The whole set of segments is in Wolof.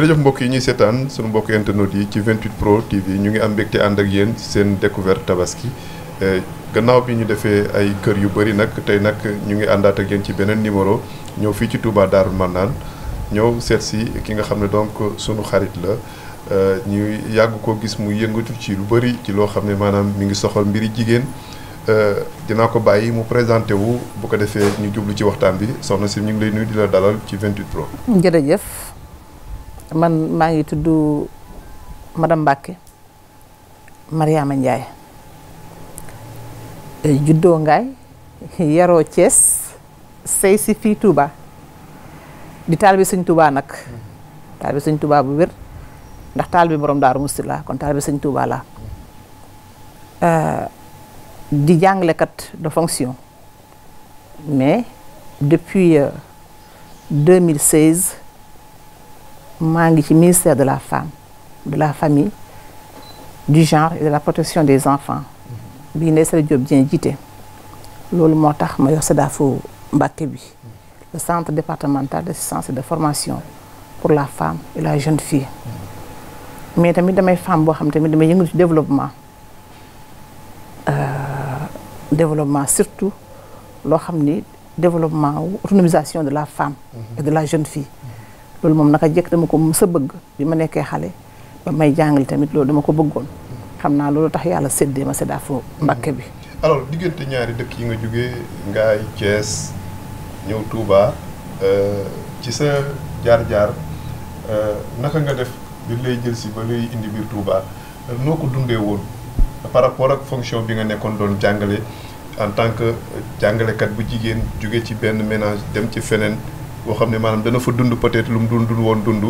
jërëjëf mbokk yi ñuy seetaan sunu mbokk internet yi ci 28 pro TV ñu ngi am mbégte ànd ak yéen seen découverte tabaski eh, gannaaw bi ñu defee ay kër yu bëri nag tey nag ñu ngi àndaat ak yéen ci beneen numéro ñëw fii ci daar Darou Manane ñëw seet si ki nga xam ne donc suñu xarit la eh, ñu yàgg ko gis mu yëngatu ci lu bëri ci loo xam ne maanaam mi ngi soxal mbiri jigéen eh, dinaa ko bàyyi mu présenté wu bu ko defee ñu jublu ci waxtaan bi soxna si ñu ngi lay nuyu di la dalal ci 28 man maa ngi tudd madame Mbacke Mariama Ndiaye eh, juddoo ngaay yaroo Thiès sey si fii Touba di taalibe sëñ Touba nag taalibe sëñ Touba bu wér ndax taalibe borom Daaru Musti laa kon taalibe sëñ Touba laa eh, di jàngalekat de fonction mais depuis euh, maa ngi ci ministère de la femme de la famille du genre et de la protection des enfants bii Ndeye Sala Diop Dieng jiite loolu moo tax ma yor SEDAFO Mbàkke bi le centre départemental d'assistance et de formation pour la femme et la jeune fille mais tamit damay femme boo xam tamit damay yëngu ci développement euh, développement surtout loo xam ni développement autonomisation de la femme et de la jeune fille loolu moom nag a jëkk dama ko mës a bëgg bi ma nekkee xale ba may jàngal tamit loolu dama ko bëggoon xam naa loolu tax yàlla séddee ma séddaa fo Mbàkke bi alors diggante ñaari dëkk yi nga jógee Ngaay Thiès ñëw tuubaa euh, ci sa jaar-jaar euh, naka nga def bi lay jël si ba lay indi biir Touba noo ko dundee woon par rapport ak fonction bi nga nekkoon doon jàngale en tant que jàngalekat bu jigéen jóge ci benn ménage dem ci feneen boo xam ne maanaam dana fa dund peut-être lu mu dundul woon dund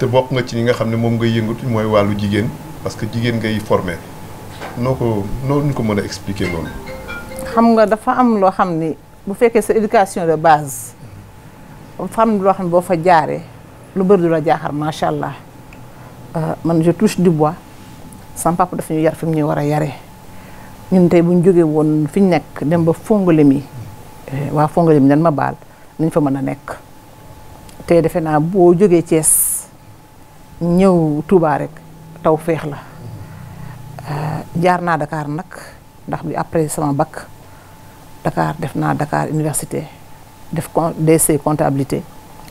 te bokk nga ci ñi nga xam ne moom ngay yëngatu mooy wàllu jigéen parce que jigéen ngay formé noo ko noo ñu ko mën a expliquer loolu. xam nga dafa am loo xam ni bu fekkee sa éducation de base dafa am loo xam ne boo fa jaaree lu bëri du la jaaxal macha allah euh, man je touche di bois sama papa dafa ñu yar fi mu ñuy war a yaree ñun tey bu jógee woon fi ñu nekk dem ba Fongolemi euh, waa Fongolemi nan ma baal. lañ fa mën a nekk te defe naa boo jógee cees ñëw Touba rek taw féex la euh, jaar naa dakaar nag ndax bi après sama bac Dakar def naa dakaar université def DC comptabilité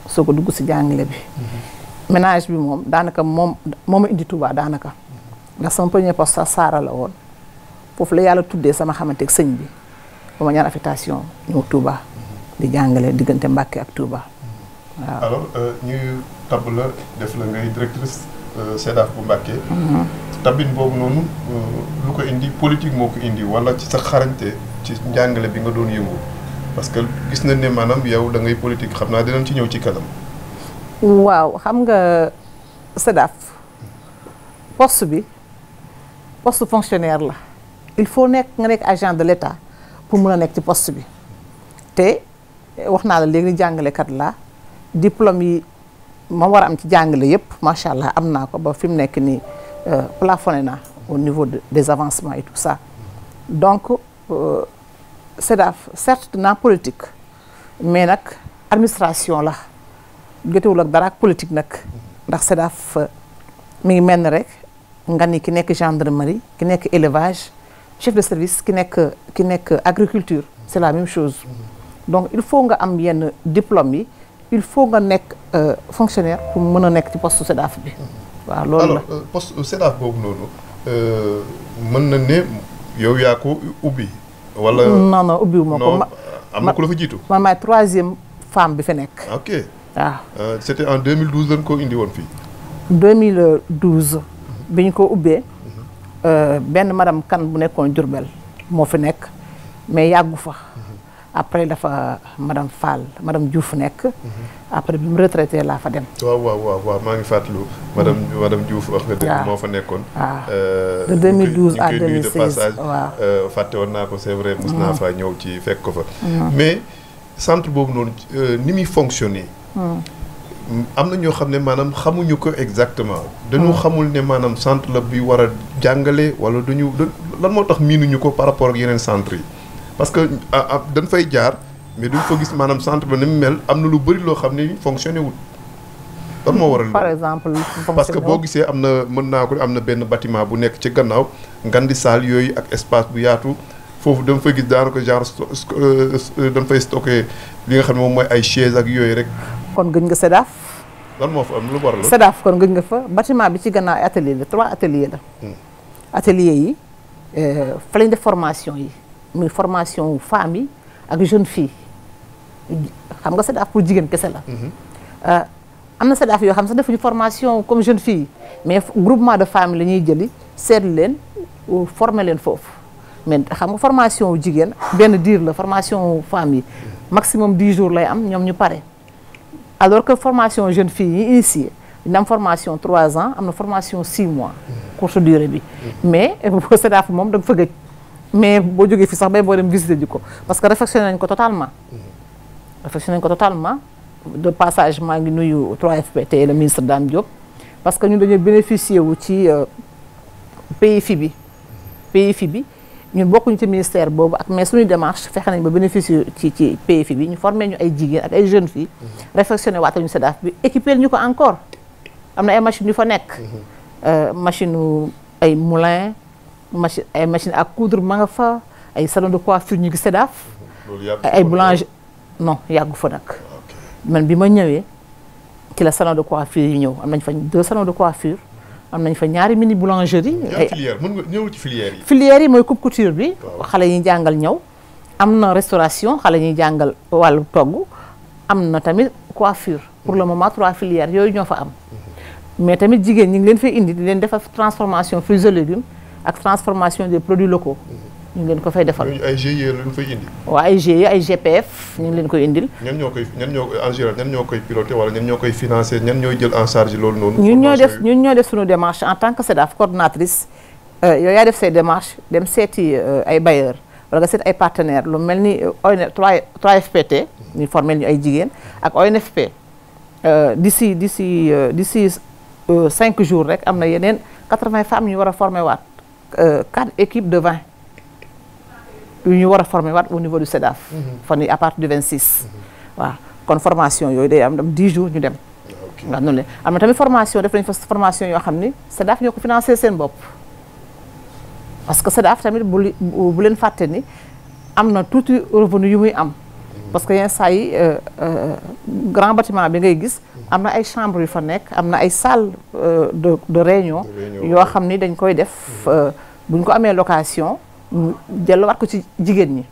soo ko dugg si jàngale bi mm-hmm. ménage bi moom daanaka moom moom a indi Touba daanaka mm-hmm. ndax sama premier poste sa saara la woon foofu la yàlla tuddee sama xamante sëñ bi ba ma ñaan affectation ñëw Touba di jàngale diggante Mbàkke ak Touba waaw. alors euh, ñu la def la ngay directrice SEDAF euh, bu Mbàkke. Mm-hmm. tabin boobu noonu euh, lu ko indi politique moo ko indi wala ci sa xarañte ci njàngale bi nga doon yëngu parce que gis nañ ne maanaam yow da ngay politique xam naa dinañ ci ñëw ci kanam. waaw xam nga SEDAF poste bi poste fonctionnaire la il faut nekk nga nekk agent de l'État pour mën a nekk ci post bi te wax naa la léegi ni jàngalekat laa diplôme yi ma war am ci jàngale yëpp macha allah am naa ko ba fi mu nekk nii euh, plafonné naa au niveau de des avancements et tout ça donc CEDAF euh, certes naa politique mais nag administration la jotewul ak dara politique nag ndax CEDAF euh, mi ngi mel ni rek nga ni ki nekk gendarmerie ki nekk élevage chef de service ki nekk ki nekk agriculture c'est la même chose donc il faut nga am yenn diplôme yi il faut nga nekk euh, fonctionnaire pour mën a nekk ci poste SEDAF bi. waaw loolu la alors euh, poste SEDAF boobu noonu euh, mën na ne yow yaa ko ubbi. wala non non ubbiwuma ko. am na ku la fa jiitu. man maay troisième femme bi fa nekk. ok waaw. Ah. c' était en 2012 lañ ko indi woon fii. 2012. Mhm. bi ñu ko ubbee. Mhm. benn madame kan bu nekkoon Diourbel moo fi nekk mais yàggu fa. après la fa madame Fall madame Diouf nekk. Mhm. après bi mu retraité laa fa dem. waaw waaw waaw maa ngi fàttalu. madame mm. madame Diouf wax nga dëgg moo fa nekkoon. Ah. Euh, waaw de 2012 à 2016 waaw naa ko c'est vrai naa mm. faa ñëw ci fekk ko fa. Mm. mais centre boobu noonu euh, ni muy fonctionner. am na ñoo xam ne maanaam xamuñu ko exactement. dañu xamul ne maanaam centre la bi war a jàngale wala duñu lan moo tax miinuñu ko par rapport ak yeneen centre yi. parce que ah, ah, dañ fay jaar mais duñ fa gis maanaam centre ba ni mu mel am na lu bëri loo xam ni fonctionné wul. lan moo waral par exemple parce que boo gisee am na mën naa ko am na benn bâtiment bu nekk ci gannaaw di saal yooyu ak espace bu yaatu foofu dama fay gis daanaka genre euh, dama fay stocké li nga xam ne moom mooy ay chaise ak yooyu rek. kon gëj nga SEDAF. lan moo fa am lu waral. SEDAF kon gëj nga fa bâtiment bi ci gannaaw ay atelier la trois atelier la. Hmm. atelier yi euh, fa formation yi. muy formation femmes yi ak jeune fille xam nga SEDAF pour jigéen kese la. Mhm. Euh, am na SEDAF yoo xam ne sax defuñu formation comme jeune fille mais groupement de femmes la ñuy jëli seetlu leen former leen foofu mais xam nga formation wu jigéen benn diir la formation femmes yi maximum 10 jours lay am ñoom ñu pare alors que formation jeune fille yi initié dina am formation 3 ans am na formation 6 mois mhm. courte dure bi mhm. mais SEDAF moom da nga fa gëj mais boo jógee fi sax bay boo dem visiter ji ko parce que réfectionné nañ ko totalement mm-hmm. réfectionné nañ ko totalement de passage maa ngi nuyu trois fpt le ministre Dame Diop parce que ñu dañoo bénéficier wu ci PFI bi PFI bi ñun bokkuñu ci ministère boobu ak mais suñu démarche fexe nañ ba bénéficier ci ci PFI bi ñu formé ñu ay jigéen ak ay jeunes filles mm-hmm. réfectionné waata ñu SEDAF bi équipé ñu ko encore am na ay machines yu fa nekk mm-hmm. euh, machine ay moulin machine ay machine à coudre ma nga fa ay salon de coiffure ñu ngi sédaaf ay boulange non yàggu fa nag man bi ma ñëwee ci la salon de coiffure yi ñëw am nañ fa deux salons de coiffure am nañ fa ñaari mini boulangerie ay filière mën ci filière yi yi mooy coupe couture bi xale yi jàngal ñëw am na restauration xale ñuy jàngal wàllu togg am na tamit coiffure pour le moment trois filières yooyu ñoo fa am mhm. mais tamit jigéen ñi ngi leen fay indi di leen defar transformation fruits et légumes ak transformation des produits locaux. ñu ngi leen ko fay defal ay GIE lañ fay indi. waaw ay GIE ay GPF ñu leen ko indil. ñan ñoo koy ñan ñoo en général ñan ñoo koy piloté wala ñan ñoo koy financé ñan ñooy jël en charge loolu noonu. ñun ñoo def ñoo def suñu démarche en tant que SEDAF coordonnatrice euh, yow yaa def see démarche dem seeti euh, ay bailleurs wala nga seet ay partenaires lu mel ni euh, ONF 3FPT ñu formel ñu ay jigéen ak ONFP d'ici d'ici d'ici cinq jours rek am na yeneen quatre-vingts femmes ñu war a formé waat. Euh, quatre équipes de vingt yu ñu war a former waat au niveau du SEDAF. Mhm. fan yii à partir du vingt six. Mhm. waaw kon formation yooyu day am dam dix jours ñu dem. ndax noonu la am na tamit formation def nañu fa formation yoo xam ni SEDAF ñoo ko financé seen bopp. parce que SEDAF tamit bu bu leen ni am na tuuti revenu yu muy am. Mhm. parce que yenn saa yi euh, euh, grand bâtiment bi ngay gis. am na ay chambre yu fa nekk am na ay salle euh, de de réunion yoo xam ni dañ koy def mm-hmm. euh, buñ ko amee location delluwaat ko ci jigéen ñi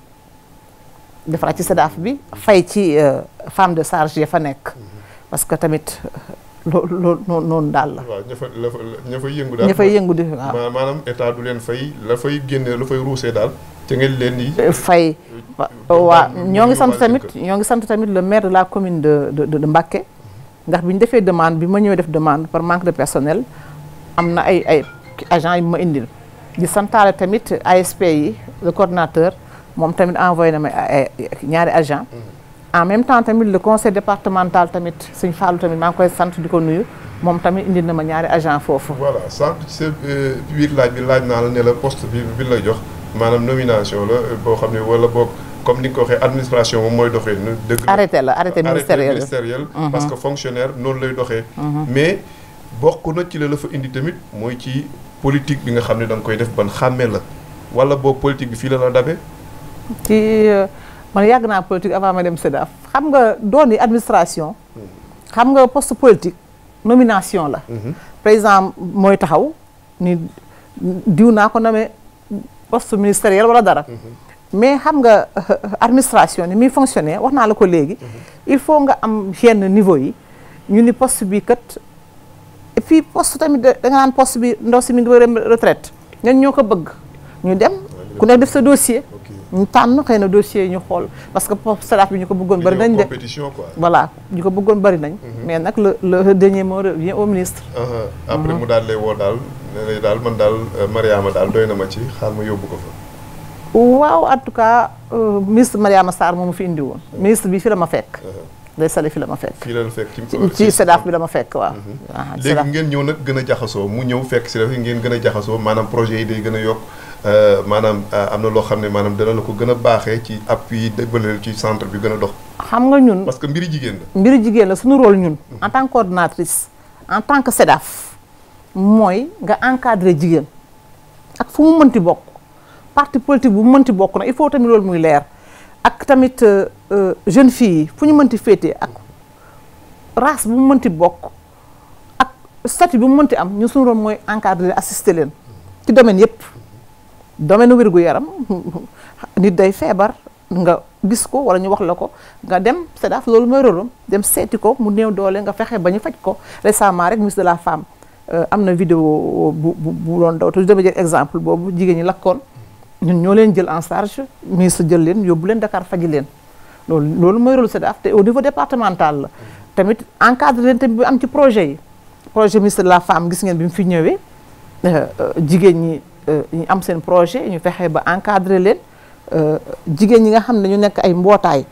defaraat ci SEDAF bi fay ci euh, femme de charge ya fa nekk mm-hmm. parce que tamit loolu loolu noonu daal la. yëngu daal. ña fay yëngu di waaw maanaam état leen fay la fay génne la fay ruusee daal ci ngeen leen di. fay ñoo ngi sant tamit ñoo ngi sant tamit le maire de la commune de de de ndax bi ñu defee demande bi ma ñëwee def demande par manque de personnel am na ay ay agent yu ma indil di santaale tamit ASP yi le coordonnateur moom tamit envoyé na ma ñaari agent mm-hmm. en même temps tamit le conseil départemental tamit suñ faalu tamit maa koy sant di ko nuyu moom tamit indil na ma ñaari agent foofu voilà sant euh, ci biir laaj bi laaj naa la ne la poste bi bi la jox maanaam nomination la euh, boo xam ne wala boog comme ni nga ko waxee administration moom mooy doxee. dëgg la arrêté la arrêté ministériel mhm. parce que fonctionnaire noonu lay doxee. Mhm. mais bokk na ci la la fa indi tamit mooy ci politique bi nga xam ne da koy def ban xàmmee la wala boo politique bi fii la la dabe. ci euh, man yàgg naa politique avant ma dem SEDAF xam nga doon administration. xam nga post politique nomination la. Mhm. président mooy taxaw ni diw naa ko nommé poste ministériel wala dara. mais xam nga euh, administration ni muy fonctionner wax naa la ko léegi mhm. il faut nga am yenn niveau yi ñu ni post bi kat et puis poste tamit da nga naan poste bi ndaw si mi ngi dem retraite ñan ñoo ko bëgg ñu dem ku nekk def sa dossier ñu tànn xëy na dossier yi ñu xool parce que salaire bi ñu ko bëggoon bari nañ de compétition quoi ñu ko bëggoon bari nañ mhm. mais nag le le dernier mot revient au ministre uh-huh. après mhm. mu daal lay woo daal ne daal man daal euh, Mariama daal doy na ma ci xaar ma yóbbu ko waaw en tout cas euh, ministre saar Sarr moomu fi indi woon. ministre bi fi la ma fekk. Uh-huh. day sale fi la ma fekk. fii ci SEDAF bi la fekk waaw. Uh-huh. ngeen ñëw nag gën a jaxasoo mu ñëw fekk si la ngeen gën a jaxasoo maanaam projet yi day gën a yokk euh, maanaam euh, am na loo xam ne maanaam dana la ko gën a baaxee ci appui dëgbaleel ci centre bi gën a dox. xam nga ñun parce que mbiri jigéen la. mbiri jigéen la suñu rôle ñun. Uh-huh. en tant que en tant que SEDAF mooy nga encadrer jigéen ak fu mu mënti bokk. parti politique bu mënti bokk na il faut tamit loolu muy leer ak tamit euh, euh, jeune fille yi fu ñu mënti féetee ak race bu mu mënti bokk ak statut bu mu mënti am ñu suñu rôle mooy encadrer assister leen ci domaine yëpp domaine wér yaram nit day feebar nga gis ko wala ñu wax la ko nga dem SEDAF loolu mooy rôlam dem seeti ko mu néew doole nga fexe ba ñu faj ko récemment rek ministre de la femme euh, am na video bu bu bu doon daw te dama jël exemple boobu jigéen ñi lakkoon ñun ñoo leen jël en charge ministre jël leen yóbbu leen Dakar faji leen loolu loolu mooy rôle SEDAF te au niveau départemental la tamit encadre leen tamit bu am ci projet yi projet ministre la femme gis ngeen bi mu fi ñëwee euh, euh, jigéen ñi euh, ñu am seen projet ñu fexe ba encadre leen jigéen ñi nga xam ne ñu nekk ay mbootaay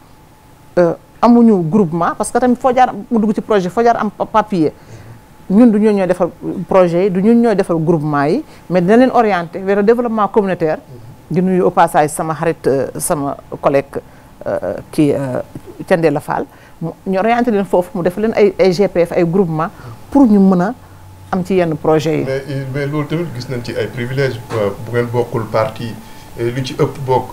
am ñu groupement parce que tamit foo mu dugg ci projet foo am papier ñun du ñoo ñooy defal projet yi du ñu ñooy defal groupement yi mais dina leen orienté vers développement communautaire di nuyu au passage sama xarit euh, sama collègue euh, kii euh, Thiendella Fall ñu orienté leen foofu mu def leen ay ay GPF ay groupement pour ñu mën a am ci yenn projet yi. mais mais loolu tamit gis nañ ci ay privilèges bu ngeen bokkul parti lu ci ëpp bokk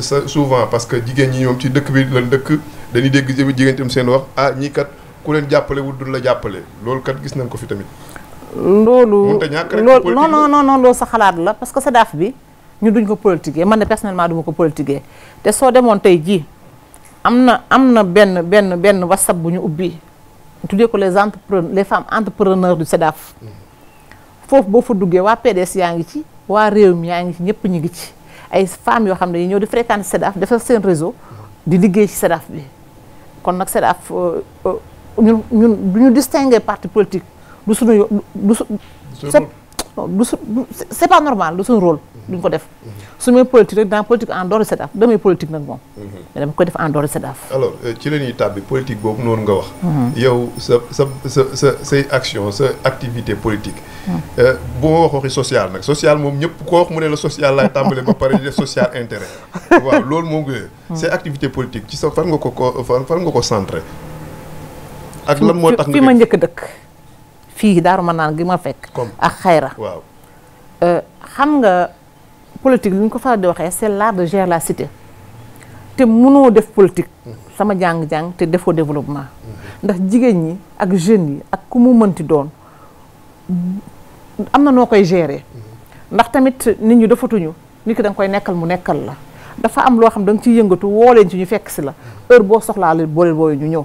sa souvent parce que jigéen ñi ñoom ci dëkk bi lan dëkk dañuy dégg jigéen tam seen wax ah ñii kat ku leen jàppale wut du la jàppale loolu kat gis nañ ko fi tamit. loolu loolu non non non loolu sa xalaat la parce que sa daaf bi. ñu duñ ko politiquer man de personnellement duma ko politiquer te soo demoon tey jii am na am na benn benn benn whatsapp bu ñu ubbi tuddee ko les entrepreneurs les femmes entrepreneurs du SEDAF foofu boo fa duggee waa PDS yaa ngi ci waa réew mi yaa ngi ci ñëpp ñu ngi ci ay femmes yoo xam ne ñëw di fréquenter SEDAF defal seen réseau di liggéey ci SEDAF bi kon nag SEDAF euh, euh, ñun ñun du ñu distinguer parti politique du suñu du su non du su c' est pas normal du suñu rôle. Mm-hmm. duñ ko def su may politique rek dans politique en dehors de SEDAF damay nag moom. Mm-hmm. mais dama ko def en dehors de SEDAF. alors euh, ci la ñuy tàbbi politique boobu noonu nga wax. Mm-hmm. yow sa sa sa sa say action sa activité politique. Euh, boo wax waxi social nag social moom ñëpp koo wax mu ne la social laay tàmbale ba pare di def social intérêt waaw loolu moom nga. say activité politique ci sa fan nga ko ko fan fan nga ko centré. ak lan moo tax nga ma njëkk fii daaru ma naan gi ma fekk ak xayra waaw euh, xam nga politique lu ko faral di waxee c'est l'art de gérer la cité te mënoo def politique mm-hmm. sama jàng-jàng te defoo développement mm-hmm. ndax jigéen ñi ak jeunes yi ak ku mu mënti doon am na noo koy gérer mm-hmm. ndax tamit nit ñu defatuñu nit ki da koy nekkal mu nekkal la dafa am loo xam da nga ciy yëngatu woo leen ci ñu fekk si la heure boo soxlaa leen boole booyu ñu ñëw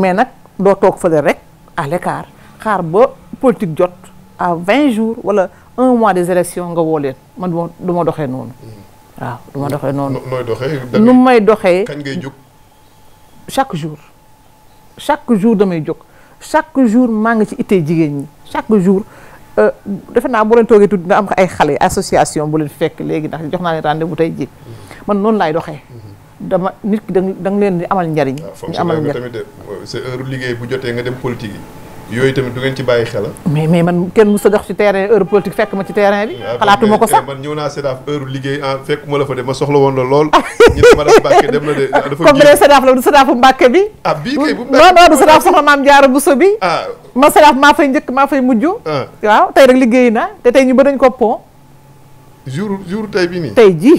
mais nag doo toog fële rek à xaar ba politique jot a vingt jours wala un mois des élections nga woo leen man du ma du doxee noonu. waaw du ma doxee noonu. nooy doxee. nu may doxee. kañ ngay jóg. chaque jour chaque jour damay jóg chaque jour maa ngi ci ittee jigéen ñi chaque jour. Euh, defe naa boo leen toogee tuuti nga am ay xale association bu leen fekk léegi ndax jox naa leen rendez-vous tey jii mm-hmm. man noonu laay doxee. Mm-hmm. dama nit ki da nga leen di amal njariñ. ñu ah, amal njariñ tamit c'est heure liggéey bu jotee nga dem politique yi. yooyu tamit du ngeen ci bàyyi xel mais mais man kenn mës a dox ci terrain heure politique fekk ma ci terrain bi ah, xalaatu ma ko sax eh, man ñëw naa sédaaf heure liggéey ah, fekk ma la fa de ma soxla woon la lool ñu ne ma ah, daf Mbàkke dem la bi ah ma sédaaf maa fay njëkk maa fay mujj waaw liggéey naa te tey ñu ba dañ ko pont jour jour bi nii tey ji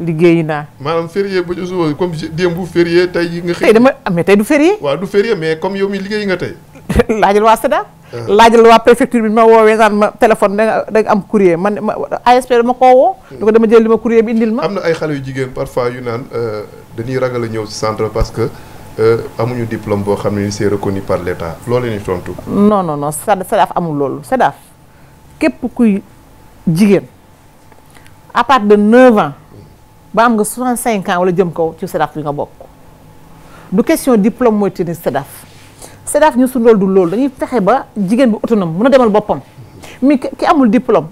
liggéey naa. maanaam férié ba suba comme tey yi nga. xëy tey dama mais tey du férié. waaw du férié mais comme yow mi liggéey nga tey. laajal waa SEDA. Ah. laajal waa préfecture bi ma woowee naan ma téléphone da nga da nga am courrier man ma ASP dama koo woo. Hmm. ko dama jël li ma courrier bi indil ma. am na ay xale yu jigéen parfois yu naan euh, dañuy ragal a ñëw ci centre parce que euh, amuñu diplôme boo xam ne c'est reconnu par l'État loolu la ñuy tontu. non non non amul loolu SEDAF képp kuy jigéen à partir de 9 ans ba am nga 65 ans wala jëm kaw ci SEDAF bi nga bokk du question diplôme mooy tenir SEDAF. CEDAF ñu suñu loolu du loolu dañuy fexe ba jigéen bi autonom mun a demal boppam mi ki amul diplôme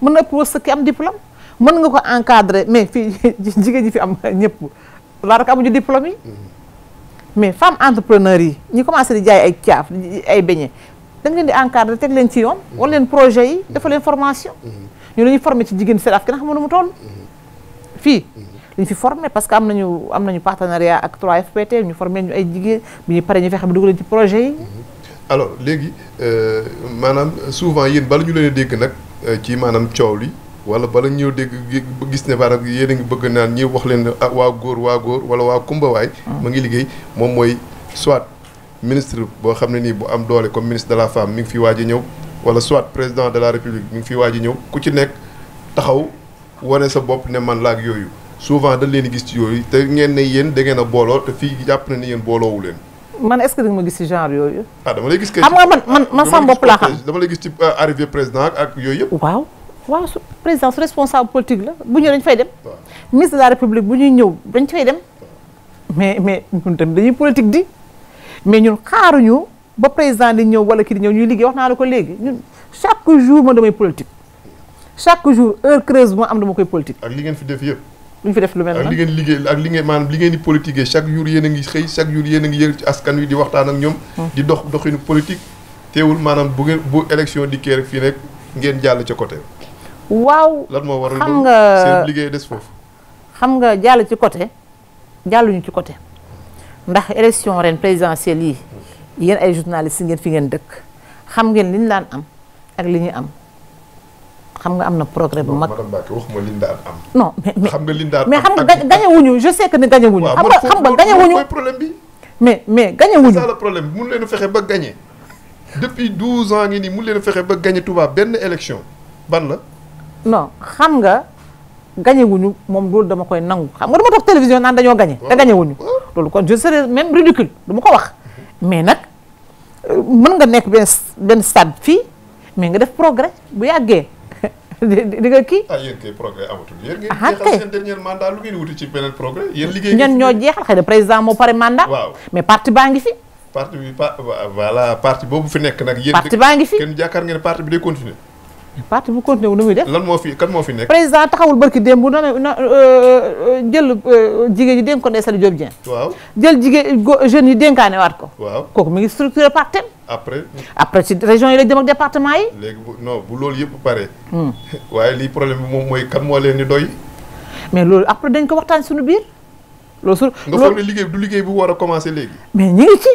mën na pour ki am diplôme mën nga ko encadrer mais fii jigéen ñi fi am ñëpp laa rek amuñu diplôme yi mais femme entrepreneur yi ñi commencé di jaay ay caaf ay beñe dañ leen di encadrer teg leen ci yoon wala leen projet yi dafa leen formation ñu la ñuy formé ci jigéen CEDAF kenn xamul nu mu toll mm-hmm. fii mm-hmm. ñu fi forme parce que am nañu am nañu partenariat ak 3FPT ñu formé ñu ay jigéen bi ñu pare ñu fexe ba dugal ci projet yi. Mhm. alors léegi euh, maanaam souvent yéen bala ñu leen dégg nag euh, ci maanaam coow li wala bala ñëw dégg gis ne par yéen a ngi bëgg naan ñi wax leen ah waa góor waa góor wala waa kumba mhm. ma ngi liggéey moom mooy soit ministre boo xam ne nii bu am doole comme ministre de la femme mi ngi fi waaj a ñëw wala soit président de la république mi ngi fi waaj a ku ci nekk taxaw wane sa bopp ne man laak yooyu. souvent dañ leen gis ci yooyu te ngeen ne yéen da ngeen a booloo te fii jàpp na ne yéen booloowu leen. man est-ce que da nga ma gis ci genre yooyu. ah dama lay gis kay. Ah, ci euh, arrivé président ak yooyu yëpp. waaw waaw su président su responsable politique la bu ñëw dañ fay dem. ministre de la république bu ñuy ñëw dañ fay dem. mais mais ñun tamit dañuy politique di mais ñun xaaruñu ba président di ñëw wala kii di ñëw ñuy liggéey wax naa la ko léegi ñun chaque jour man damay politique chaque jour heure creuse bu ma am dama koy politique. ak li ngeen fi def yëpp. duñ fi def lu mel li ngeen liggéey ak li ngeen maanaam li ngeen di politiquer jour yéen a ngi xëy chaque jour yéen a ngi yëg ci askan wi di waxtaan ak ñoom hmm. di dox doxinu politique teewul maanaam bu ngeen dikkee rek fii rek ngeen jàll ca côté waaw lan moo waral xam nga seen liggéey des foofu xam nga jàll ci coté jàlluñu ci coté ndax élection ren présidentielle yi yéen ay journalistes ngeen fi ngeen dëkk xam ngeen li ñu daan am ak liñu ñu am xam nga am na progrès bu mag. madame Mbacke waxuma li daan am. non mais xam nga li mais xam nga gañe wuñu je sais que ne gañe wuñu. xam nga xam nga gañe bi. mais mais gañe wuñu. c'est ça le problème mun leen fexe ba gañe depuis 12 ans ngi nii leen fexe ba gañe Touba benn élection ban la. non xam nga gañe moom loolu dama koy nangu xam nga dama toog télévision naan dañoo gañe. te gañe wuñu loolu kon je serais même ridicule dama ko wax mais nag euh, mën nga nekk benn benn stade fii mais nga def progrès bu yàggee. di nga kii. ah yéen kay progrès amatul yéen ngeen ah, jeexal seen ngeen ñoo jeexal xëy na président moo pare mandat. mais parti baa ngi fi. parti bi pa voilà parti boobu fi nekk nag. yéen parti baa ngi fi ngeen parti bi day continuer parti bu continué wu nu muy def. lan moo fi kan moo fi nekk. président taxawul barki démb bu na na euh, euh, jël euh, jigéen ñi dénk ko Ndeye Saly Diop Dieng. waaw jël jigéen go jeunes yi dénkaane waat ko. waaw kooku mu ngi structuré parti après. après ci région yi la dem ak département yi. léegi bu non bu loolu yëpp pare. Hmm. waaye lii problème moom mooy kan moo leen di doy. mais loolu après dañ ko waxtaan suñu biir. loolu su nga foog ne liggéey du liggéey bu war a commencé léegi. mais ñu ngi ci.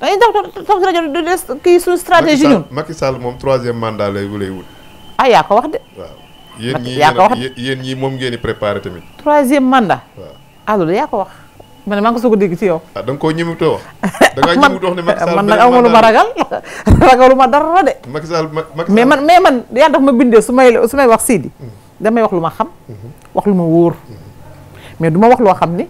dañuy toog toog rajo du des kii suñu stratégie ñun. lay lay ah yaa ko wax de. waaw yaa ko wax yéen ñii moom ngeen di préparé tamit. troisième mandat. waaw ah loolu yaa ko wax. ma ne maa ngi ko soog a dégg ci yow. ah da nga koo ñëwutoo wax. da ngaa ñëwut wax ne Macky Sall man nag aw ma lu ma ragal ragalu ma dara de. Macky Sall mais man mais man yàlla dafa ma bindee su may su may wax Sidi. Mm-hmm. damay wax lu ma xam. Mm-hmm. wax lu ma wóor. Mm-hmm. mais du ma wax loo xam ni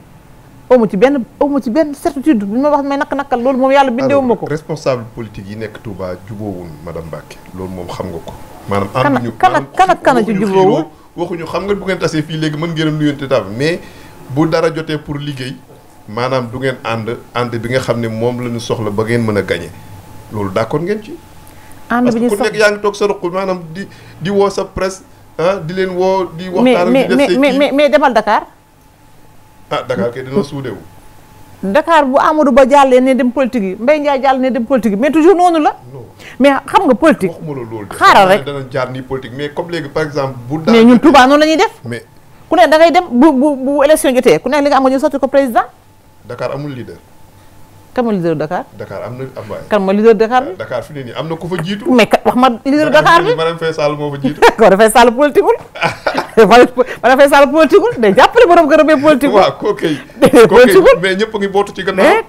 amu ci benn amu ci benn certitude bu ma wax may nak nakal loolu moom yàlla bindeewu ma ko. responsable politique yi nekk Touba jubóowul madame ma loolu moom xam nga ko. maanaam ànduñu kana kana kana ci jubóowu waxuñu xam nga bu ngeen tasee fii léegi mën ngeen a nuyonte tam mais bu dara jotee pour liggéey maanaam du ngeen ànd ànd bi nga xam ne moom la ñu soxla ba ngeen mën a gañe loolu d'accord ngeen ci ànd bi ñu soxla parce que ku nekk yaa ngi toog sa ruq maanaam di di woo sa presse ah di leen woo di waxtaan mais mais mais mais demal Dakar ah Dakar kay dina suudewu Dakar bu Amadou Ba jàllee ne dem politique yi Mbaye Ndiaye jàll ne dem politique yi mais toujours noonu la. mais xam nga politique. xaaral rek dana jaar nii politique mais comme léegi par exemple. bu def. mais ku dem bu bu bu élection jotee ku nekk li nga am nga ñu sotti ko président. Dakar amul leader. kan ma leader Dakar. Dakar am na Ablaye. kan ma leader Dakar bi. Ah, Dakar fi ne nii am na ku fa jiitu. mais wax ma leader Dakar bi. Marième Faye Sall moo fa wala Faye Sall politique day jàppale borom këram mais politique. waaw kooku mais ñëpp ngi bootu ci gannaaw.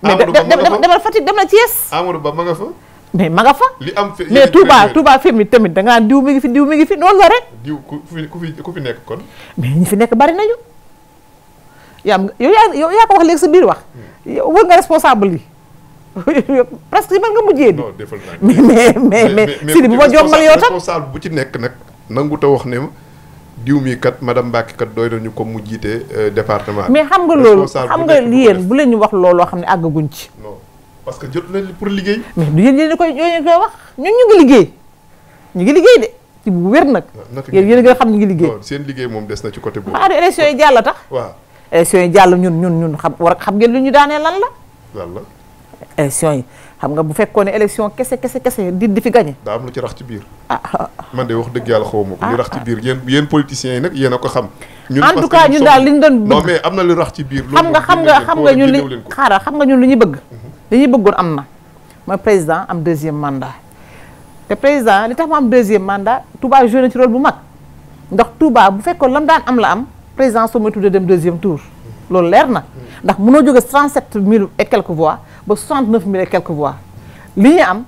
Amadou nga fa dem na Thiès. Amadou Ba ma nga fa. mais ma nga fa. li am fi mais Touba Touba fi mi tamit da nga diw mi ngi fi diw mi ngi fi noonu la rek. diw ku fi ku fi fi nekk bari nañu. yaa am yow yaa yaa ko wax léegi sa biir wax. Hmm. wër nga responsable yi. presque si man nga mujjee di. non defal naa mais mais mais mais si li bu ma jommal yow bu ci nekk nag. nangu nanguta wax ne diw mi kat madame Mbacke kat doy nañu comme mu jiite euh, département mais xam nga loolu xam nga yéen bu leen ñu wax looloo xam ne àggaguñ ci. non parce que jot leen pour liggéey. mais du yéen yéen a koy yéen liggéey ñu ngi liggéey de ci bu wér nag. Ah, yéen yéen xam ñu ngi liggéey. seen liggéey moom des na ci côté boobu. xaaral élection yi jàll tax. waaw élection yi jàll ñun ñun xam war xam ngeen lu ñu daanee lan la. lan la yi xam nga bu fekkoon ne élection kese kese kese di di fi gagné. daa am lu ci rax ci biir. ah, ah, ah. man de wax dëgg yàlla xaw ma ko. li ah, rax ci biir yéen yéen politiciens yi nag yéen ko xam. ñun en tout cas ñun daal li ñu doon bëgg. non mais am na biir. loolu moom xam nga xam nga ñun li xaaral xam nga ñun li ñu bëgg. Mhm. li ñu bëggoon am na. mooy président am deuxième mandat. te président li tax mu am deuxième mandat tubaa joué na ci rôle bu mag ndax Touba bu fekkoon lam daan am la am président soo moytu tuddee dem deuxième tour. Mhm. loolu leer na mhm. ndax mënoo jóge 37 mille et quelques voix ba 69 mille et quelques voix li ñu am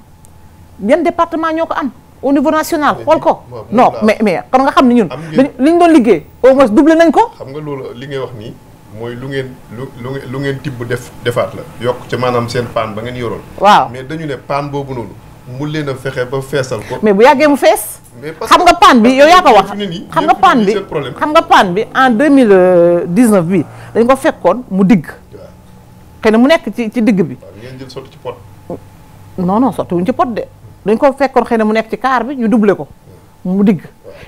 yan departement ñoo ko am au niveau national xool ko no mais mais kon nga xam ne ñun li ñu doon liggéey au moins doublé nañ ko xam nga loolu li ngay wax nii mooy lu ngeen lu lu ngeen tibb def defaat la yokk ci maanaam seen paan ba ngeen yoroon waaw mais dañu ne paan boobu noonu mu leen a fexe ba feesal ko mais bu yàggee mu fees xam nga paan bi yow yaa ko wax xam nga paan bi xam nga paan bi en 2019 bi dañ ko fekkoon mu digg xëy mu nekk ci ci digg bi. ngeen jël sotti ci pot. non non sottiwuñ ci pot de mu nekk ci kaar bi ñu doublé ko mu digg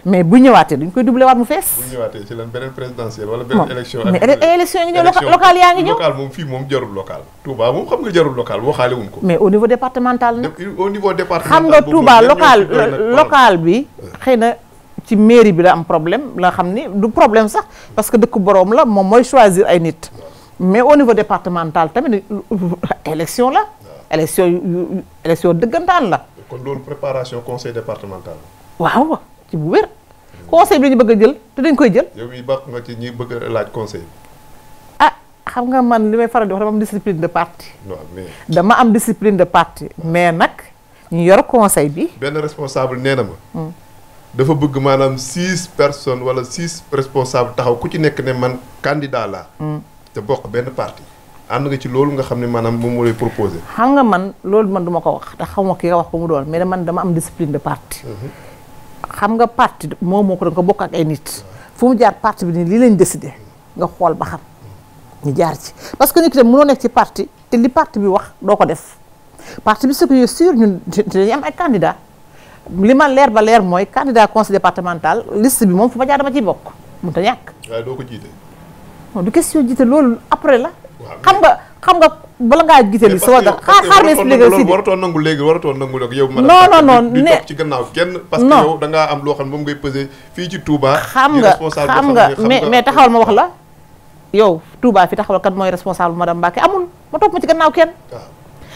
mais bu ñëwaatee dañ koy doublé waat bu ñëwaatee ci lan beneen présidentielle wala beneen élection. mais élection yi ngi ñëw local yaa ngi ñëw. local moom fii moom jarul local. Touba moom xam nga jarul local waxaale wuñ ko. mais au niveau départemental xam nga Touba local euh, local bi xëy na. ci mairie bi la am problème la xam ni du problème sax parce que dëkk boroom la moom mooy choisir ay nit mais au niveau départemental tamit élection la. élection yu élection dëggantaan la. kon loolu préparation conseil départemental. waaw ci bu wér. conseil bi dañu bëgg a jël te dañ koy jël. yow mii bokk nga ci ñi bëgg a laaj conseil. ah xam nga man li may faral di wax dama am discipline de parti. mais nag ñu yor conseil bi. benn responsable nee na ma. Hmm. dafa bëgg maanaam six personnes wala six responsables taxaw ku ci nekk ne man candidat laa. Hmm. te bokk benn parti ànd nga ci loolu nga xam ne maanaam moom mu lay proposé. xam nga man loolu man duma ko wax ndax xamuma ki nga wax ko mu doon mais man dama am discipline de parti. Mhm. xam nga parti moom moo ko doon ko bokk ak ay nit. fu mu jaar parti bi nii lii lañ décidé nga xool ba xam ñu jaar ci parce que nit ki tam mënoo nekk ci parti te li parti bi wax doo ko def parti bi ce qui est sûr ñun dañuy am ay candidats li ma leer ba leer mooy candidat conseil départemental liste bi moom fu ma jaar dama ciy bokk mënut a ñàkk. waaye ko jiite. non du question jiite loolu après la. xam nga xam nga bala ngaa jiite li. soo da a xaar ma expliqué si waratoo nangu léegi waratoo nangu léegi yow. non non non ne ci gannaaw kenn. parce que yow da ngaa am loo xam ne moom ngay pesé fii ci mais mais taxawal ma wax la. yow Touba fi taxawal kat mooy responsable madame Mbacke amul ma topp ma ci gannaaw kenn. Ah.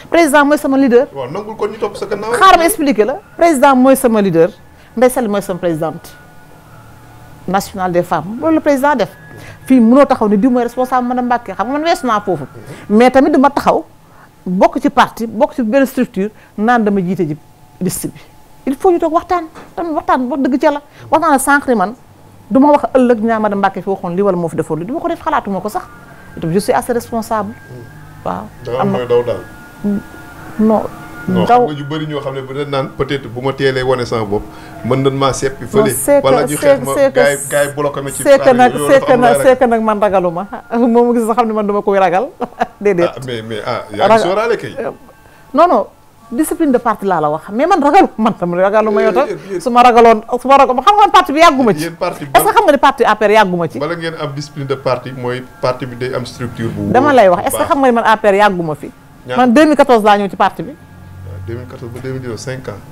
président mooy sama leader. waaw nangul ko ñu sa gannaaw. xaar ma expliqué président mooy sama leader Ndeye Sall mooy sama présidente des femmes loolu la président def. fii mënoo taxaw ne diw mooy responsable madame Mbacke xam nga man weesu naa foofu mais tamit duma taxaw bokk ci parti bokk ci benn structure naan dama jiite ji liste bi il faut ñu toog waxtaan tamit waxtaan wax dëgg ca la wax naa la man du ma wax ëllëg ñaa madame Mbacke foo waxoon li wala moo fi defoon li du ma ko def xalaatuma ko sax itam je responsable mm. waaw am ndaw xam nga ñu bëri ñoo xam ne bu dañ naan peut man ragalu ma moom xam ne man dama koy ragal déedéet ah, mais mais ah yaa ngi euh, discipline de parti laa la wax mais man ragalu man tam ragalu ma eh, yow tam eh, eh. su ma ragaloon su ma ragal xam nga man parti bi yàgguma ci est xam nga ne parti APR yàgguma ci bala ngeen am discipline de parti mooy parti bi day am structure bu dama lay wax est xam nga ne man APR yàgguma fi man 2014 laa ñëw ci parti bi 2014 ba 2019 5 ans.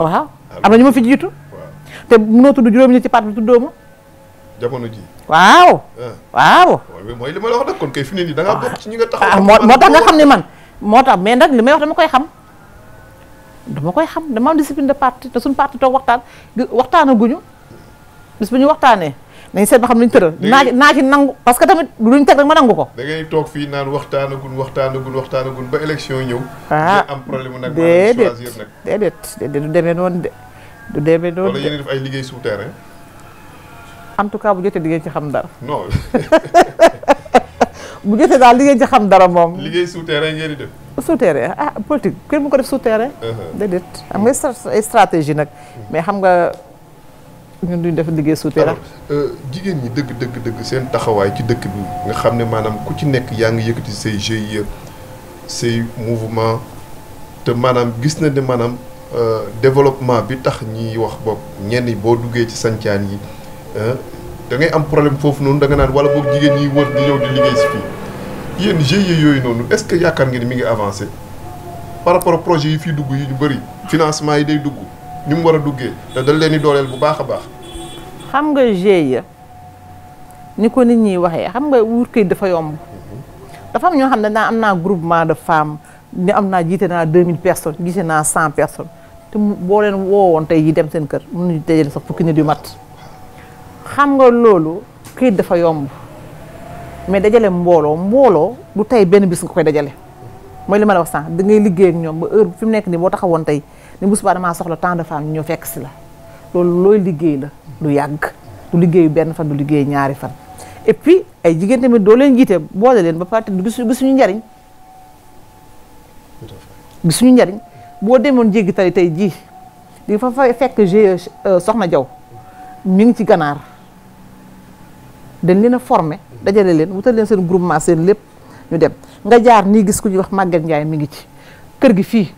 Oh, waaw ah, am na ñu ma fi jiitu. waaw te mënoo tudd juróomi ñu ci parti tuddoo ma. jamono ji waaw. Ah. waaw. moo li ma la wax nag fi ne da ngaa bokk ci ñi nga ah, taxaw. moo tax nga xam ne man moo tax mais nag li may wax dama koy xam. dama koy xam dama am discipline de parti te suñ parti toog waxtaan waxtaana guñu bis bu ñu waxtaanee. nañ seet ba xam luñ tëral naa ci naa nangu parce que tamit luñ teg rek ma nangu ko da ngay toog fii naan waxtaanagul waxtaanagul waxtaanagul ba élection ñëw ah am problème u nag déedéet déedéet déedéet du demee noonu de du demee noonu wala yéen def ay liggéey souterrain en tout cas bu jotee di ngeen ci xam dara non bu jotee daal di ngeen ci xam dara moom liggéey souterrain ngeen di def souterrain ah politique kenn mu ko def souterrain uh-huh. déedéet am nga stratégie nag hmm. mais xam nga ñun duñ def liggéey souterrain. alors euh, jigéen ñi dëgg dëgg dëgg seen taxawaay ci dëkk bi nga xam ne maanaam ku ci nekk yaa ngi yëkkati say GIE say mouvement te maanaam gis na ne maanaam euh, développement bi tax ñiy wax bopp ñenn boo duggee ci sancaan yi da ngay am problème foofu noonu da nga naan wala boog jigéen ñi wër di ñëw di liggéey si fii yéen GIE yooyu noonu est-ce que yaakaar ngeen mi ngi avancé par rapport projet yi fii dugg yi ñu bëri financement yi day dugg. ni mu war a duggee te dañ leen di dooleel bu baax a baax. xam nga GIE ni ko nit ñi waxee xam nga wut kayit dafa yomb dafa am ñoo xam ne naa am naa groupement de femmes ni am naa jiite naa 2000 personnes gisee naa 100 personnes te boo leen woon tey yi dem seen kër mënuñu dajale sax fukki nit yu mat xam nga loolu kayit dafa yomb mais dajale mbooloo mbooloo du tey benn bis nga koy dajale mooy li ma la wax sànq da ngay liggéey ak ñoom ba heure fi mu nekk nii boo taxawoon tey. ne bu subaa damaa soxla tant de femmes ñu ñëw fekk si la loolu looy liggéey la lu yàgg lu liggéeyu benn fan lu liggéey ñaari fan et puis ay jigéen tamit doo leen jiite boole leen ba pare gisuñu gisuñu njariñ gisuñu njariñ boo demoon jéggi tali tey jii di fa fekk euh, Soxna Jaw mi ngi ci ganaar dañ leen a dajale leen wutal leen seen groupement seen lépp ñu dem nga jaar nii gis ku ñuy wax Maguette Ndiaye mi ngi ci kër gi fii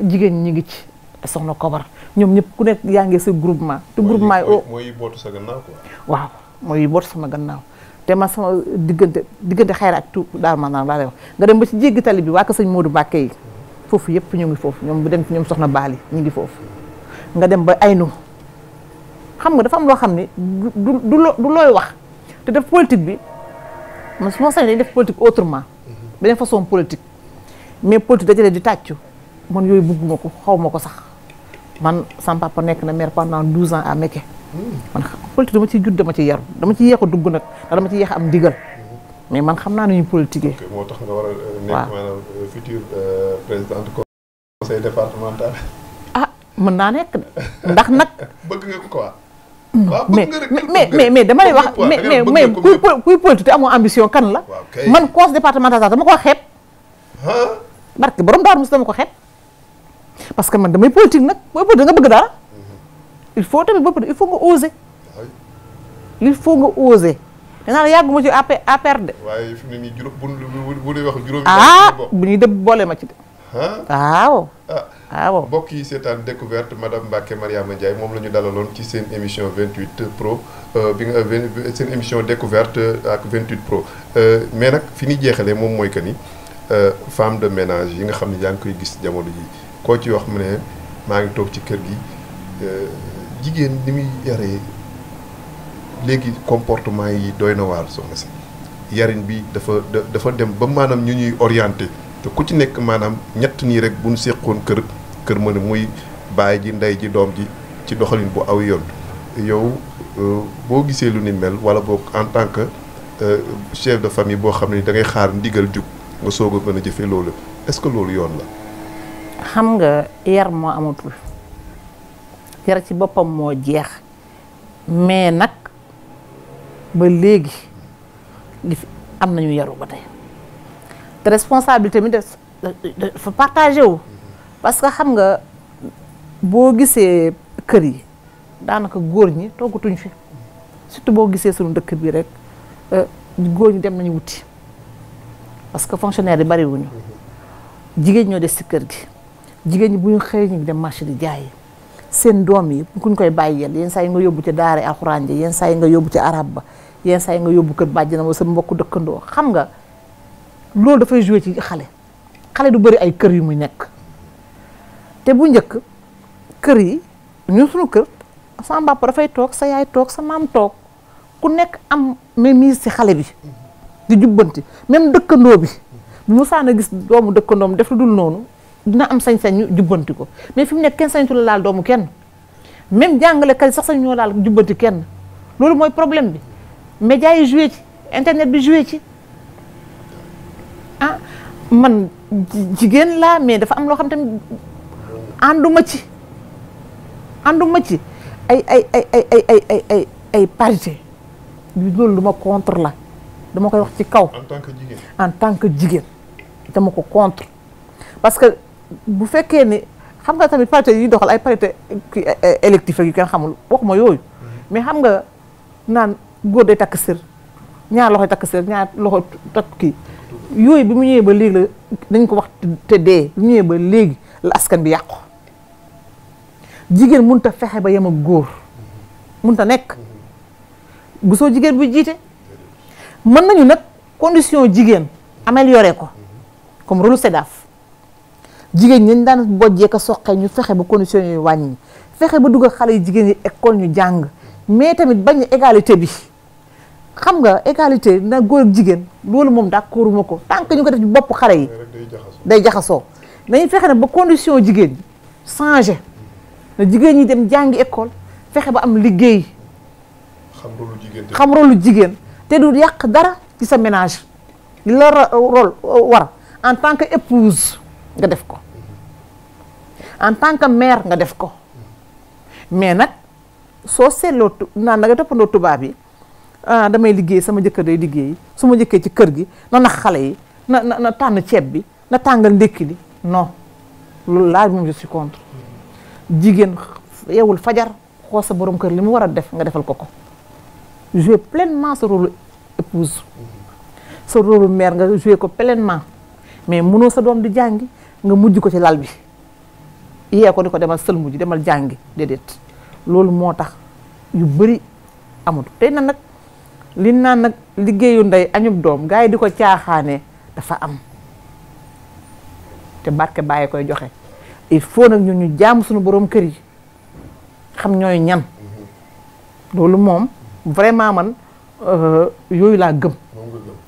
jigéen ñi ngi ci soxna Kobar ñoom ñëpp ku nekk yaa ngi sa groupement. te groupement yi oo mooy bootu sa gannaaw waaw mooy bootu sama gannaaw te man sama diggante diggante xayra ak tu daal maanaam laa lay wax nga dem ba ci jéggi tali bi waa ko sëñ Modou Mbacke yi yëpp ñu ngi foofu ñoom bu dem ci ñoom soxna Baali ñu ngi foofu nga dem ba aynu xam nga dafa am loo xam ne du du du looy wax te def politique bi ma su ma sañ dañuy def politique autrement mhm. beneen façon politique mais da dajale di tàccu man yooyu bugguma ko xaw ma ko sax man sama papa nekk na maire pendant douze ans à Mekke man dama ciy judd dama ci yaru dama ci yeex dugg nag ndax dama yeex am ndigal mais man xam naa nu ñu moo tax nga war a euh, nekk euh, euh, ah, mën naa nekk nag. Hmm, bëgg mais mais mais dama lay wax mais mais mais kuy kuy politique amoo ambition kan la. man conseil départemental sax dama ko xeeb. barke borom daaru mus dama ko xet parce que man damay politique nag booy politique da nga bëgg daal il faut tamit booy politique il faut nga oser. il faut nga oser. danaa la yàgguma ci AP APR de. waaye fi mu ne nii juróom bu bu bu wax juróomi. ah bu dem boole ma ci de. waaw. Ah. waaw mbokk yi seetaan découverte madame Mbacke Mariama Ndiaye moom la ñu dalaloon ci seen émission 28 pro euh, bi nga seen émission découverte euh, ak 28 pro euh, mais nag fi ñuy jeexalee moom mooy que ni femme de ménage yi nga xam ne yaa ngi koy gis jamono ji koo ci wax mu ne maa ngi toog ci kër gi euh, jigéen ni muy yaree léegi comportement yi doy na waar soxna si yarin bi dafa dafa dem ba maanaam ñu ñuy orienté te ku ci nekk maanaam ñett nii rek bu ñu seqoon kër kër mën muy baay ji ndey ji doom ji ci doxalin bu aw yoon yow euh, boo gisee lu ni mel wala boo en tant que euh, chef de famille boo xam ne da ngay xaar ndigal jub nga soog a mën a jëfee loolu est-ce que loolu yoon la. xam nga yar moo amatul yar ci boppam moo jeex mais nag ba léegi li fi am nañu yaru ba tey te responsabilité mi def dafa partagé wu parce que xam nga boo gisee kër yi daanaka góor ñi toogatuñ fi surtout boo gisee suñu dëkk bi rek euh, góor ñi dem nañu wuti parce que fonctionnaire yi bariwuñu jigéen ñoo de si kër gi jigéen ñi bu ñu xëyee ñu dem marché di jaaye seen doom yi kuñ koy bàyyeel yenn saa yi nga yóbbu ca daare alxuraan ja yenn saa yi nga yóbbu ca araab ba yenn saa yi nga yóbbu kër na wala sa mbokk dëkkandoo xam nga loolu dafay joué ci xale xale du bëri ay kër yu muy nekk te bu njëkk kër yi ñun suñu kër sa mbàpp dafay toog sa yaay toog sa maam toog ku nekk am mainmise ci xale bi di jubbanti même dëkkandoo bi bu mu saana gis doomu dëkkandoom def noonu dina am sañ-sañ ñu jubbanti mais fi mu nekk kenn sañtu laal doomu kenn même jàngalekat yi sax sañ ñoo laal jubbanti kenn loolu mooy problème bi médias yi joué ci internet bi joué ci ah man jigéen laa mais dafa am loo xam tamit ànduma ci ànduma ci ay ay ay ay ay ay ay ay ay parité loolu lu ma contre la dama koy wax ci kaw en tant que jigéen en ko contre parce que bu fekkee ne xam nga tamit parité yi doxal ay parité e, e, électif yu kenn xamul ma yooyu mm-hmm. mais xam nga naan góor de takk sër ñaar loxo takk sër loxo takk kii yooyu bi mu ñëwee ba léegi la dañ ko wax te dee bi ba léegi la askan bi yàqu jigéen mënut a fexe ba yem ak góor mm-hmm. mun ta nekk mm-hmm. gusoo jigéen bi jiite mën nañu nag condition jigéen amélioré ko comme rôle SEDAF jigéen ñi daan bojjee a soqee ñu fexe ba condition yu wàññi fexe ba dugal xale yu jigéen yi école ñu jàng mais tamit bañ égalité bi xam nga égalité na góor jigéen loolu moom d'accord ma ko tant ñu ko def ci bopp xale yi day jaxasoo nañu fexe ne ba condition jigéen changé na jigéen ñi dem jàngi école fexe ba am liggéey xam rolu jigéen te du yàq dara ci sa ménage li la rôle war en tant que épouse nga def ko en tant que mair nga def ko mais nag soo seetloo naan na nga toppandoo tubaab yi ah damay liggéey sama jëkkër day liggéey su ma jëkkee ci kër gi na nax xale yi na na tànn ceeb bi na tàngal ndékki li no loolu laaj moom je suis contre jigéen yeewul fajar xool sa boroom kër li mu war a def nga defal ko ko jouer pleinement sa rôle épouse sa rôle mère nga jouer ko pleinement mais mënoo sa doom di jàngi nga mujj ko ci lal bi yee ko di ko demal sëlmu ji demal jàngi déedéet loolu moo tax yu bëri amut tey na nag li naan nag liggéeyu ndey añub doom gars yi di ko caaxaane dafa am te barke bàyyi koy joxe il faut nag ñu ñu jàmm suñu borom kër yi xam ñooy ñan loolu moom vraiment man euh, yooyu laa gëm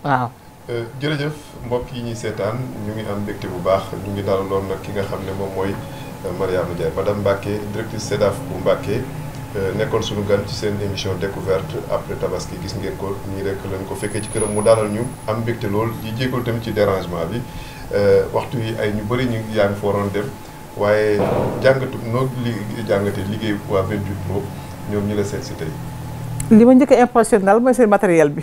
waaw euh, jërëjëf mbokk yi ñuy seetaan ñu ngi am mbégte bu baax ñu ngi dalaloon nag ki nga xam ne moom mooy Euh, Mariama Diaye madame Mbacké directrice SEDAF bu Mbacké euh, nekkoon suñu gan ci seen émission découverte après tabaski gis ngeen ko nii rek lañ ko fekkee ci këram mu dalal ñu am mbégte lool di jégal tamit ci dérangement bi euh, waxtu yi ay ñu bëri ñu yaa ngi fooroon waaye jàngatu noo li jàngate liggéey waa 28 Pro ñoom ñu la seet si tey. li ma njëkk a impressionné daal mooy seen matériel bi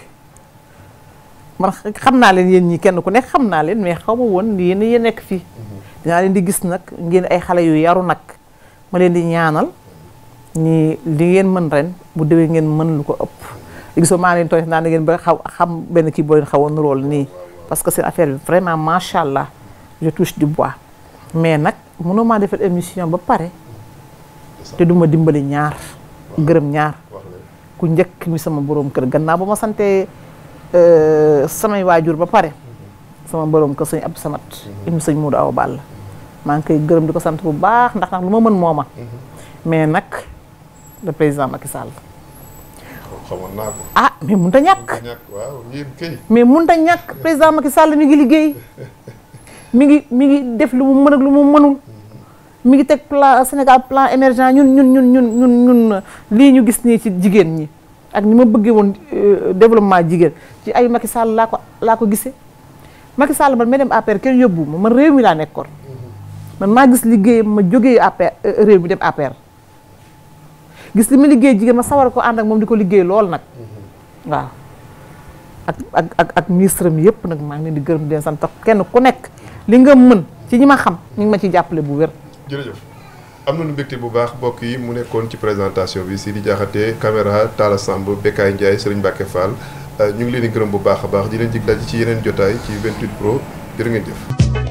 man xam naa leen yéen ñi kenn ku nekk xam naa leen mais xaw ma woon yéen a nekk fii. Mm-hmm. dinaa leen di gis nag ngeen ay xale yu yaru nag ma leen di ñaanal ni li ngeen mën ren bu déwee ngeen mën lu ko ëpp gisoo maa leen tooy naa ne ngeen ba xaw xam benn kii boo xawoon rool nii parce que seen affaire vraiment macha allah je touche du bois mais nag mënoo maa defal émission ba pare te duma dimbali ñaar gërëm ñaar ku njëkk mi sama borom kër gannaaw ba ma sante euh, samay waajur ba pare sama borom ko sëñ ab Samad ibnu sëñ mu Modou Awa Ball maa ngi koy gërëm di ko sant bu baax ndax nag lu ma mën mooma mais nag le président Macky Sall xamoon ah mais mënut a ñàkk waaw yéen kay mais mënut a ñàkk président Macky Sall mi ngi liggéey mi ngi mi ngi def lu mu mën lu mu mënul mi ngi teg plan Sénégal plan émergent ñun ñun ñun ñun ñun lii ñu gis nii ci jigéen ñi ak ni ma bëggee woon euh, développement jigéen ci ay Macky Sall laa ko laa ko gisee Macky Sall man ma dem APR kenn yóbbu ma man réew mi laa nekkoon man maa gis liggéey ma jógee APR euh, réew mi dem APR gis li ma liggéey jigéen ma sawar ko ànd ak moom di ko liggéey lool nag waaw ak ak ak ak ministre mi yëpp nag maa ngi leen di gërëm di leen sant kenn ku nekk li nga mën ci ñi ma xam ñu ngi ma ci jàppale bu wér jërëjëf am nañu mbégte bu baax mbokk yi mu nekkoon ci présentation bi si Sidi Diakhaté caméra Talla Samb Bekay Ndiaye Serigne Mbacke Fall ñu ngi leen di gërëm bu baax a baax di leen dig daje ci yeneen jotaay ci 28 pro jërë ngeen jëf.